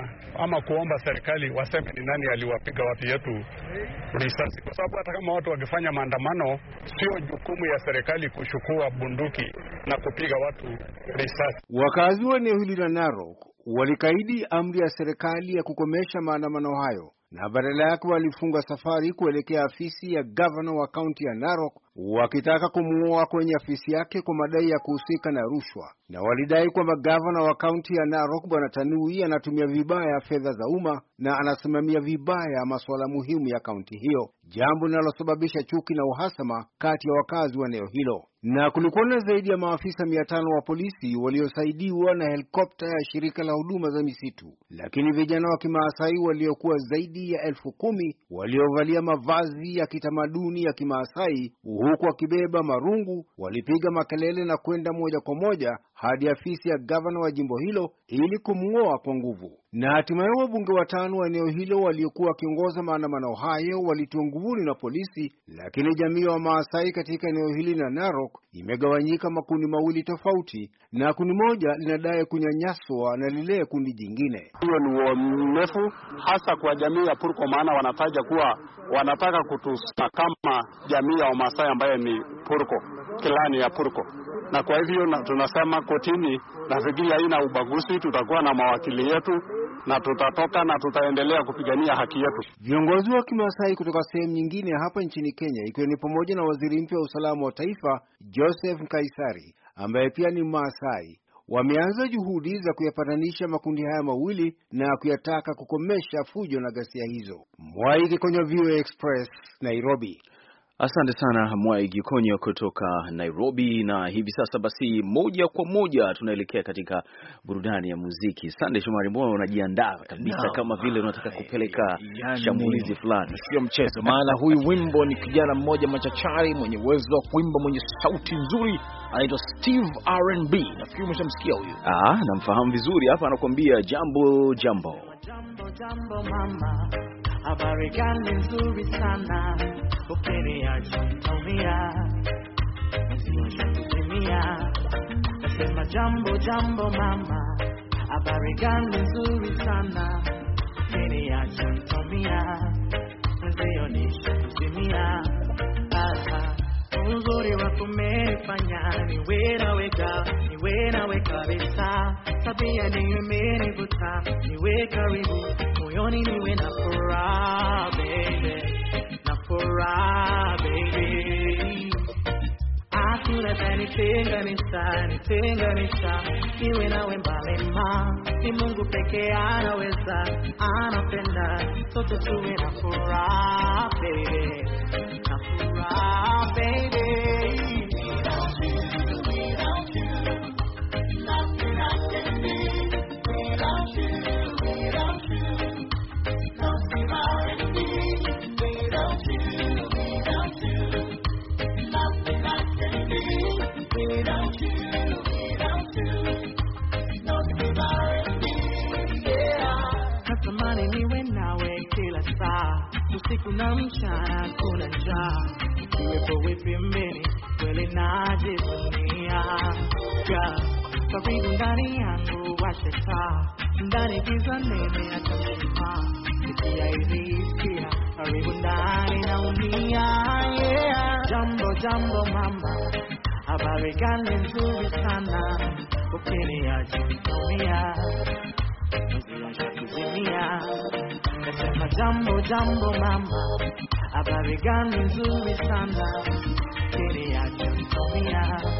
kusema ama kuomba serikali waseme ni nani aliwapiga watu yetu risasi, kwa sababu hata kama watu wakifanya maandamano, sio jukumu ya serikali kuchukua bunduki na kupiga watu risasi. Wakazi wa eneo hili la Narok walikaidi amri ya serikali ya kukomesha maandamano hayo na badala yake walifunga safari kuelekea afisi ya gavana wa kaunti ya Narok wakitaka kumuua kwenye afisi yake kwa madai ya kuhusika na rushwa, na walidai kwamba gavana wa kaunti ya Narok Bwana Tanui anatumia vibaya fedha za umma na anasimamia vibaya masuala muhimu ya kaunti hiyo, jambo linalosababisha chuki na uhasama kati ya wakazi wa eneo hilo na kulikuwa na zaidi ya maafisa mia tano wa polisi waliosaidiwa na helikopta ya shirika la huduma za misitu, lakini vijana wa Kimaasai waliokuwa zaidi ya elfu kumi waliovalia mavazi ya kitamaduni ya Kimaasai huku wakibeba marungu walipiga makelele na kwenda moja kwa moja hadi afisi ya gavana wa jimbo hilo ili kumng'oa kwa nguvu. Na hatimaye wabunge watano wa eneo hilo waliokuwa wakiongoza maandamano hayo walitiwa nguvuni na polisi, lakini jamii ya Wamaasai katika eneo hili la Narok imegawanyika makundi mawili tofauti, na kundi moja linadai kunyanyaswa na lile kundi jingine. Hiyo ni uaminifu hasa kwa jamii ya Pur, kwa maana wanataja kuwa wanataka kutusakama kama jamii ya Wamaasai ambayo ni Purko, kilani ya Purko na kwa hivyo na, tunasema kotini, nafikiri haina ubaguzi. Tutakuwa na mawakili yetu na tutatoka na tutaendelea kupigania haki yetu. Viongozi wa kimasai kutoka sehemu nyingine hapa nchini Kenya, ikiwa ni pamoja na waziri mpya wa usalama wa taifa Joseph Nkaisari ambaye pia ni Maasai wameanza juhudi za kuyapatanisha makundi haya mawili na kuyataka kukomesha fujo na ghasia hizo. Mwaiki kwenye VOA Express, Nairobi. Asante sana Mwai Gikonyo kutoka Nairobi. Na hivi sasa basi, moja kwa moja tunaelekea katika burudani ya muziki. Sande Shomari, mbona unajiandaa kabisa no, kama vile unataka kupeleka yani, shambulizi fulani? Sio mchezo maana huyu wimbo ni kijana mmoja machachari mwenye uwezo wa kuimba, mwenye sauti nzuri, anaitwa Steve RnB. Nafikiri umeshamsikia huyu. Ah, namfahamu vizuri. Hapa anakuambia jambo jambo jambo jambo, mama habari gani? Nzuri sana 啊，冲冲咪啊，是我选择咪啊，那什么 Jumbo Jumbo Mama，阿巴瑞干的苏里桑娜，咪啊，冲冲咪啊，那是我你选择咪啊，啊哈。uzuri wa kumenifanya niwe nawe ka niwe nawe kabisa, tabia niyo imenivuta niwe karibu moyoni, niwe na furaha baby, na furaha Tenganisha, nitenganisha niwe nawe mbalema, ni Mungu pekee anaweza, anapenda sote tuwe na furaha kuna mchana, kuna njaa, iwepo wipembeni kweli najivunia tapigu ndani yangu, washa taa ndani, giza nene atamenipa sikia hizi hisia, karibu ndani naumia. Yeah, jambo jambo mamba, habari gani nzuri sana, ukiniacha nitumia Jambo jambo mama, habari gani nzuri sana, kile ya chumia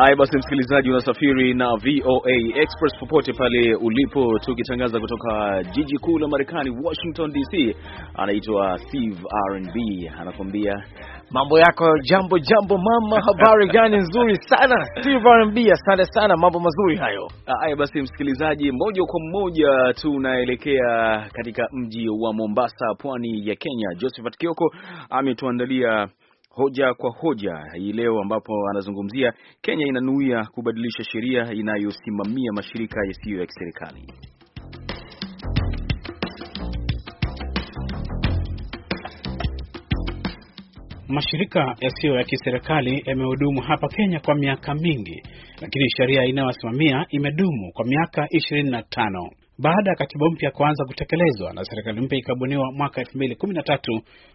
Haya basi, msikilizaji, unasafiri na VOA Express popote pale ulipo, tukitangaza kutoka jiji kuu la Marekani, Washington DC. Anaitwa Steve RnB anakuambia mambo yako. Jambo jambo mama, habari gani? Nzuri sana Steve RnB, asante sana, mambo mazuri hayo. Haya basi, msikilizaji, moja kwa moja tunaelekea katika mji wa Mombasa, pwani ya Kenya. Josephat Kioko ametuandalia hoja kwa hoja hii leo, ambapo anazungumzia Kenya inanuia kubadilisha sheria inayosimamia mashirika yasiyo ya kiserikali. Mashirika yasiyo ya kiserikali yamehudumu hapa Kenya kwa miaka mingi, lakini sheria inayowasimamia imedumu kwa miaka 25. Baada ya katiba mpya kuanza kutekelezwa na serikali mpya ikabuniwa mwaka 2013,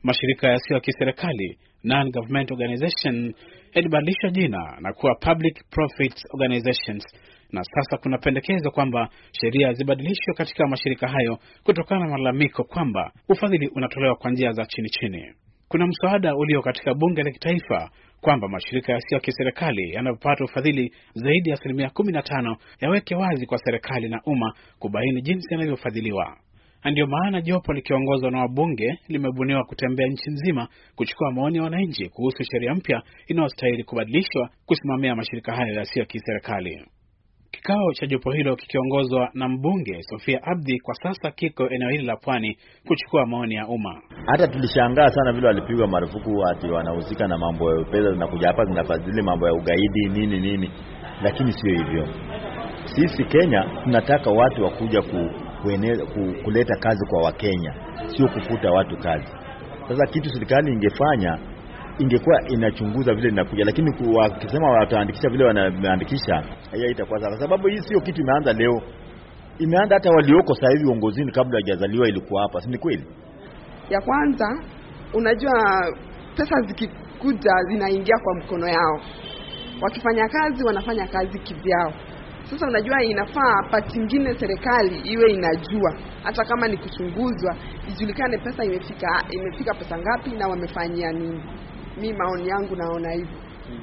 mashirika yasiyo ya kiserikali non government organization yalibadilisha jina na kuwa public profit organizations, na sasa kuna pendekezo kwamba sheria zibadilishwe katika mashirika hayo kutokana na malalamiko kwamba ufadhili unatolewa kwa njia za chini chini. Kuna mswada ulio katika bunge la kitaifa kwamba mashirika yasiyo ya kiserikali yanayopata ufadhili zaidi ya asilimia kumi na tano yaweke wazi kwa serikali na umma kubaini jinsi yanavyofadhiliwa. Na ndiyo maana jopo likiongozwa na wabunge limebuniwa kutembea nchi nzima kuchukua maoni ya wananchi kuhusu sheria mpya inayostahili kubadilishwa kusimamia mashirika hayo yasiyo ya kiserikali. Kikao cha jopo hilo kikiongozwa na mbunge Sofia Abdi kwa sasa kiko eneo hili la Pwani kuchukua maoni ya umma. Hata tulishangaa sana vile walipigwa marufuku ati wanahusika na mambo ya pesa zinakuja hapa zinafadhili mambo ya ugaidi nini nini, lakini sio hivyo. Sisi Kenya tunataka watu wakuja ku, kuene, ku, kuleta kazi kwa Wakenya, sio kufuta watu kazi. Sasa kitu serikali ingefanya ingekuwa inachunguza vile linakuja, lakini wakisema wataandikisha vile wanaandikisha, hiyo itakuwa sana, sababu hii sio kitu imeanza leo, imeanza hata walioko sasa hivi uongozini kabla hajazaliwa ilikuwa hapa, si ni kweli? Ya kwanza, unajua pesa zikikuja zinaingia kwa mkono yao, wakifanya kazi wanafanya kazi kivyao. Sasa unajua, inafaa pati ingine serikali iwe inajua, hata kama ni kuchunguzwa, ijulikane pesa imefika, imefika pesa ngapi na wamefanyia nini mi maoni yangu naona hivyo hmm.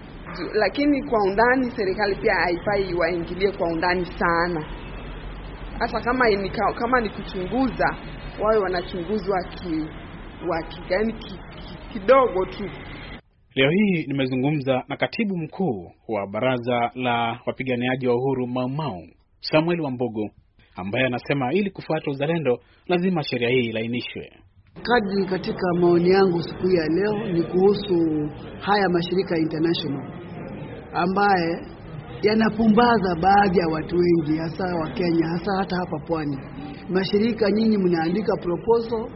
Lakini kwa undani serikali pia haifai iwaingilie kwa undani sana, hata kama inika, kama ni kuchunguza wawe wanachunguzwa ki, yani ki, ki, kidogo tu. Leo hii nimezungumza na katibu mkuu wa baraza la wapiganiaji wa uhuru maumau Samuel Wambugu ambaye anasema ili kufuata uzalendo lazima sheria hii ilainishwe. Kadri katika maoni yangu siku hii ya leo ni kuhusu haya mashirika international ambaye yanapumbaza baadhi ya watu wengi, hasa wa Kenya, hasa hata hapa pwani. Mashirika nyinyi mnaandika proposal,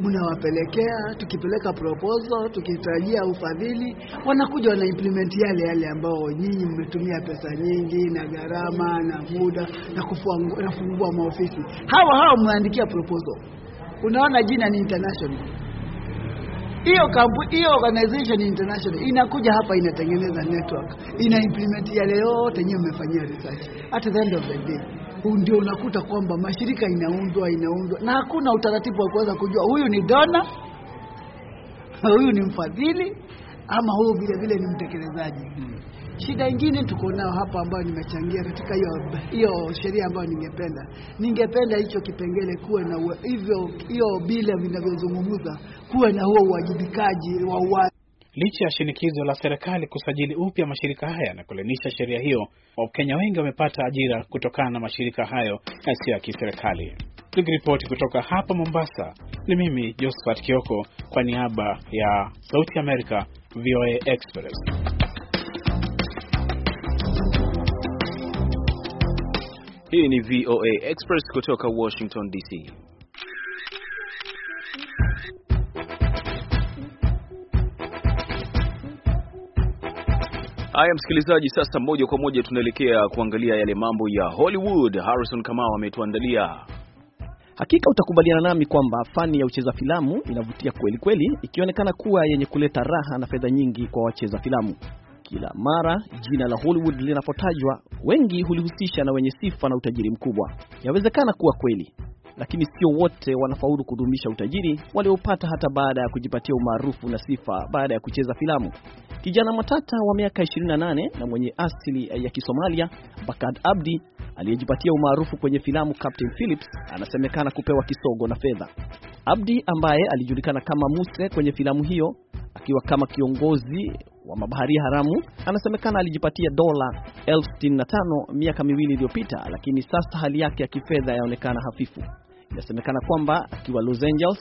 mnawapelekea, tukipeleka proposal, tukitarajia ufadhili, wanakuja implement yale yale ambao nyinyi mmetumia pesa nyingi na gharama na muda na kufungua maofisi. Hawa hawa mnaandikia proposal unaona jina ni international hiyo kampuni hiyo organization international inakuja hapa inatengeneza network ina implement yale yote nyewe mmefanyia research at the end of the day ndio unakuta kwamba mashirika inaundwa inaundwa na hakuna utaratibu wa kuweza kujua huyu ni dona huyu ni mfadhili ama huyu vile vile ni mtekelezaji hmm. Shida ingine tuko nao hapo ambayo nimechangia katika hiyo hiyo sheria ambayo ningependa ningependa hicho kipengele kuwe na hivyo hiyo bila vinavyozungumza kuwe na huo uwajibikaji wa uwazi. Licha ya shinikizo la serikali kusajili upya mashirika haya na kulainisha sheria hiyo, Wakenya wengi wamepata ajira kutokana na mashirika hayo yasiyo ya kiserikali. Nikiripoti kutoka hapa Mombasa, ni mimi Josephat Kioko kwa niaba ya Sauti america VOA Express. Hii ni VOA Express kutoka Washington DC. Haya msikilizaji, sasa moja kwa moja tunaelekea kuangalia yale mambo ya Hollywood. Harrison Kamau ametuandalia. Hakika utakubaliana nami kwamba fani ya ucheza filamu inavutia kweli kweli, ikionekana kuwa yenye kuleta raha na fedha nyingi kwa wacheza filamu. Kila mara jina la Hollywood linapotajwa, wengi hulihusisha na wenye sifa na utajiri mkubwa. Yawezekana kuwa kweli, lakini sio wote wanafaulu kudumisha utajiri waliopata hata baada ya kujipatia umaarufu na sifa baada ya kucheza filamu. Kijana matata wa miaka 28 na mwenye asili ya Kisomalia, Bakad Abdi, aliyejipatia umaarufu kwenye filamu Captain Phillips, anasemekana kupewa kisogo na fedha. Abdi ambaye alijulikana kama Muse kwenye filamu hiyo akiwa kama kiongozi wa mabaharia haramu. Anasemekana alijipatia dola elfu sitini na tano miaka miwili iliyopita, lakini sasa hali yake ya kifedha yaonekana hafifu. Inasemekana kwamba akiwa Los Angeles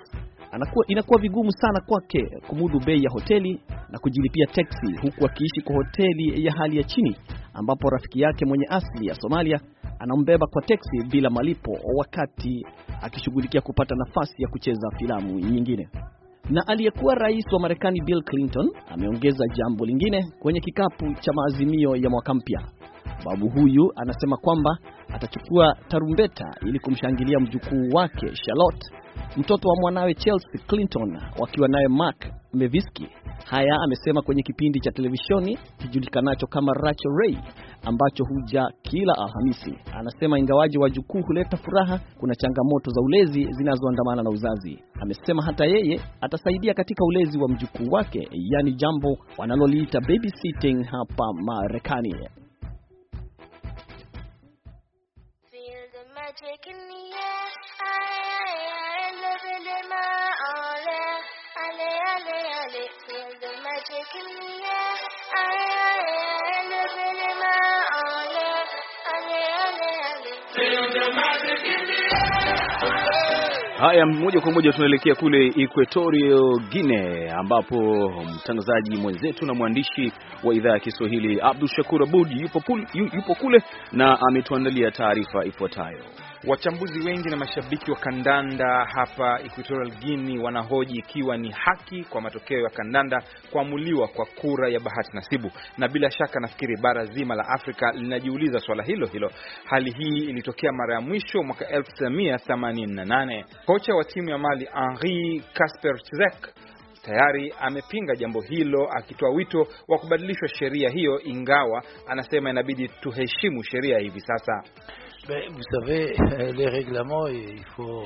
anakuwa, inakuwa vigumu sana kwake kumudu bei ya hoteli na kujilipia teksi, huku akiishi kwa hoteli ya hali ya chini ambapo rafiki yake mwenye asili ya Somalia anambeba kwa teksi bila malipo wakati akishughulikia kupata nafasi ya kucheza filamu nyingine. Na aliyekuwa rais wa Marekani Bill Clinton ameongeza jambo lingine kwenye kikapu cha maazimio ya mwaka mpya. Babu huyu anasema kwamba atachukua tarumbeta ili kumshangilia mjukuu wake Charlotte, mtoto wa mwanawe Chelsea Clinton, wakiwa naye Mark meviski Haya amesema kwenye kipindi cha televisheni kijulikanacho kama Rachel Ray ambacho huja kila Alhamisi. Anasema ingawaji wajukuu huleta furaha, kuna changamoto za ulezi zinazoandamana na uzazi. Amesema hata yeye atasaidia katika ulezi wa mjukuu wake, yaani jambo wanaloliita babysitting hapa Marekani. Haya, moja kwa moja tunaelekea kule Equatorial Guinea ambapo mtangazaji mwenzetu na mwandishi wa idhaa ya Kiswahili Abdul Shakur Abud yupo, yupo kule na ametuandalia taarifa ifuatayo. Wachambuzi wengi na mashabiki wa kandanda hapa Equatorial Guinea wanahoji ikiwa ni haki kwa matokeo ya kandanda kuamuliwa kwa kura ya bahati nasibu, na bila shaka nafikiri bara zima la Afrika linajiuliza swala hilo hilo. Hali hii ilitokea mara ya mwisho mwaka 1988. Kocha wa timu ya Mali Henri Casper Tzek tayari amepinga jambo hilo akitoa wito wa kubadilishwa sheria hiyo, ingawa anasema inabidi tuheshimu sheria hivi sasa ben, Vous savez, les règlements, il faut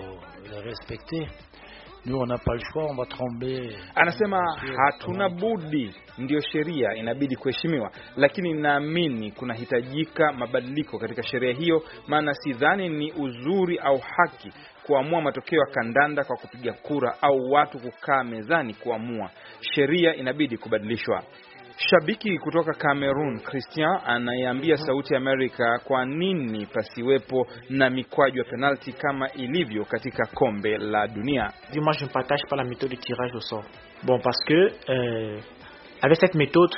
les respecter. Nous, on n'a pas le choix, on va trembler. Anasema hatuna budi, ndio sheria inabidi kuheshimiwa, lakini naamini kunahitajika mabadiliko katika sheria hiyo, maana sidhani ni uzuri au haki kuamua matokeo ya kandanda kwa kupiga kura au watu kukaa mezani kuamua. Sheria inabidi kubadilishwa. Shabiki kutoka Cameroon Christian anaiambia mhm. Sauti ya Amerika kwa nini pasiwepo na mikwaju ya penalti kama ilivyo katika kombe la dunia. Moi je ne partage pas la méthode de tirage au sort. Bon parce que euh, avec cette méthode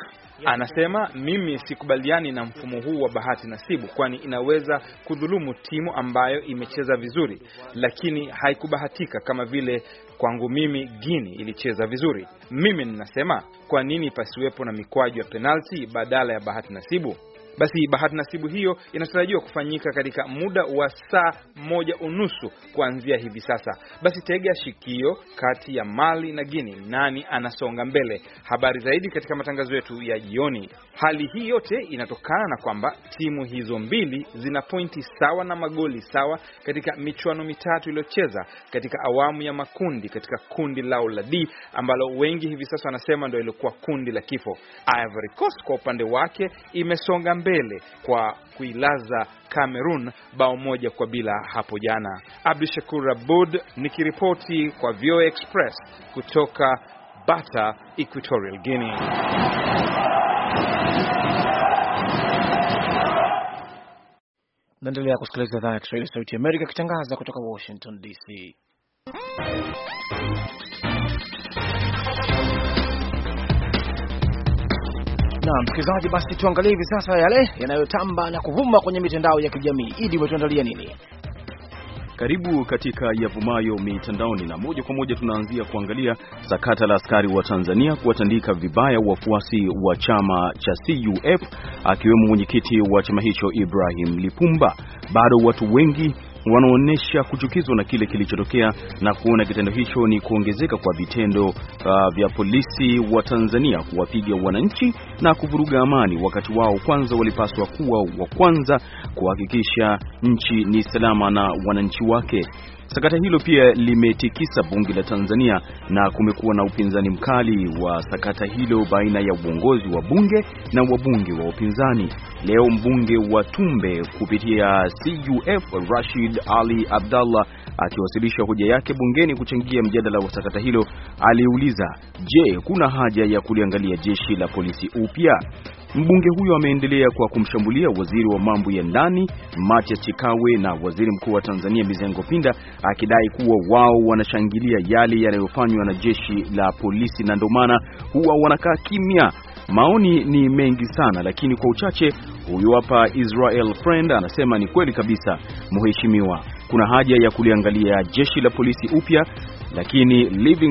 Anasema mimi sikubaliani na mfumo huu wa bahati nasibu, kwani inaweza kudhulumu timu ambayo imecheza vizuri lakini haikubahatika, kama vile Kwangu mimi Gini ilicheza vizuri. Mimi ninasema kwa nini pasiwepo na mikwaju ya penalti badala ya bahati nasibu? Basi bahati nasibu hiyo inatarajiwa kufanyika katika muda wa saa moja unusu kuanzia hivi sasa. Basi tega shikio kati ya Mali na Guinea, nani anasonga mbele? Habari zaidi katika matangazo yetu ya jioni. Hali hii yote inatokana na kwamba timu hizo mbili zina pointi sawa na magoli sawa katika michuano mitatu iliyocheza katika awamu ya makundi katika kundi lao la D ambalo wengi hivi sasa wanasema ndio ilikuwa kundi la kifo. Ivory Coast kwa upande wake imesonga mbele mbele kwa kuilaza Cameroon bao moja kwa bila hapo jana. Abdu Shakur Abud nikiripoti kwa VOA Express kutoka Bata, Equatorial Guinea. Naendelea kusikiliza idhaa ya Kiswahili sauti Amerika ikitangaza kutoka Washington DC. na msikilizaji, basi tuangalie hivi sasa yale yanayotamba na kuvuma kwenye mitandao ya kijamii. Idi, umetuandalia nini? Karibu katika yavumayo mitandaoni, na moja kwa moja tunaanzia kuangalia sakata la askari wa Tanzania kuwatandika vibaya wafuasi wa chama cha CUF akiwemo mwenyekiti wa chama hicho Ibrahim Lipumba. Bado watu wengi wanaonyesha kuchukizwa na kile kilichotokea na kuona kitendo hicho ni kuongezeka kwa vitendo uh, vya polisi wa Tanzania kuwapiga wananchi na kuvuruga amani, wakati wao kwanza walipaswa kuwa wa kwanza kuhakikisha nchi ni salama na wananchi wake. Sakata hilo pia limetikisa bunge la Tanzania na kumekuwa na upinzani mkali wa sakata hilo baina ya uongozi wa bunge na wabunge wa upinzani. Leo mbunge wa Tumbe kupitia CUF Rashid Ali Abdallah akiwasilisha hoja yake bungeni kuchangia mjadala wa sakata hilo aliuliza, je, kuna haja ya kuliangalia jeshi la polisi upya? Mbunge huyo ameendelea kwa kumshambulia waziri wa mambo ya ndani matia Chikawe na waziri mkuu wa Tanzania Mizengo Pinda akidai kuwa wao wanashangilia yale yanayofanywa na jeshi la polisi na ndio maana huwa wanakaa kimya. Maoni ni mengi sana, lakini kwa uchache, huyu hapa Israel Friend anasema ni kweli kabisa, mheshimiwa, kuna haja ya kuliangalia jeshi la polisi upya lakini Mwendi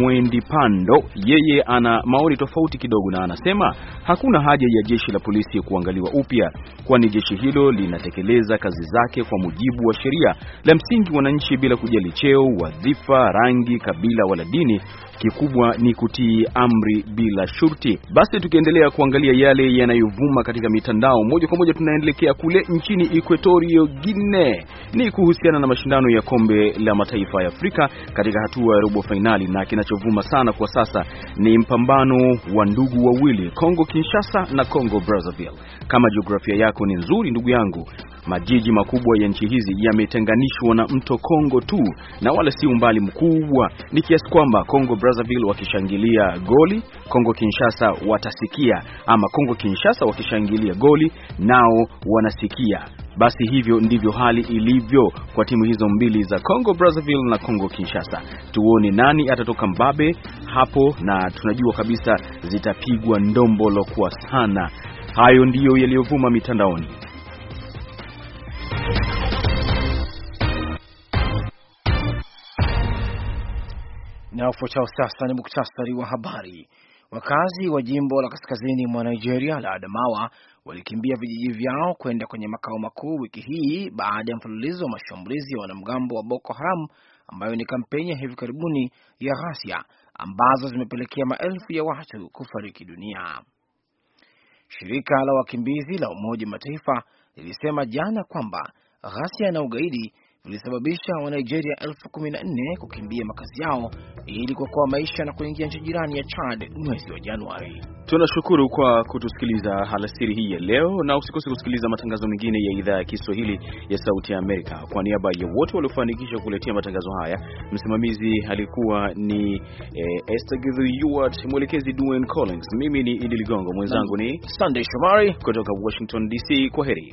Mwendipando yeye ana maoni tofauti kidogo, na anasema hakuna haja ya jeshi la polisi kuangaliwa upya, kwani jeshi hilo linatekeleza kazi zake kwa mujibu wa sheria, la msingi wananchi, bila kujali cheo, wadhifa, rangi, kabila wala dini kikubwa ni kutii amri bila shurti. Basi tukiendelea kuangalia yale yanayovuma katika mitandao, moja kwa moja tunaelekea kule nchini Equatorio Guinea ni kuhusiana na mashindano ya kombe la mataifa ya Afrika katika hatua ya robo fainali, na kinachovuma sana kwa sasa ni mpambano wa ndugu wawili, Kongo Kinshasa na Kongo Brazzaville. Kama jiografia yako ni nzuri, ndugu yangu, majiji makubwa ya nchi hizi yametenganishwa na mto Kongo tu na wala si umbali mkubwa, ni kiasi kwamba Kongo Brazzaville wakishangilia goli Kongo Kinshasa watasikia, ama Kongo Kinshasa wakishangilia goli nao wanasikia. Basi hivyo ndivyo hali ilivyo kwa timu hizo mbili za Congo Brazzaville na Congo Kinshasa. Tuone nani atatoka mbabe hapo, na tunajua kabisa zitapigwa ndombolo kwa sana. Hayo ndiyo yaliyovuma mitandaoni. Na ufuatao sasa ni muktasari wa habari. Wakazi wa jimbo la kaskazini mwa Nigeria la Adamawa walikimbia vijiji vyao kwenda kwenye makao makuu wiki hii baada ya mfululizo wa mashambulizi ya wanamgambo wa Boko Haram ambayo ni kampeni ya hivi karibuni ya ghasia ambazo zimepelekea maelfu ya watu kufariki dunia. Shirika la wakimbizi la Umoja wa Mataifa lilisema jana kwamba ghasia na ugaidi ulisababisha Wanigeria elfu kumi na nne kukimbia makazi yao ili kuokoa maisha na kuingia nchi jirani ya Chad mwezi wa Januari. Tunashukuru kwa kutusikiliza alasiri hii ya leo, na usikose kusikiliza matangazo mengine ya idhaa ya Kiswahili ya Sauti ya Amerika. Kwa niaba ya wote waliofanikisha kuletea matangazo haya, msimamizi alikuwa ni eh, Esther Githuwat, mwelekezi Duane Collins, mimi ni Idi Ligongo, mwenzangu ni Sunday Shomari kutoka Washington DC. Kwa heri.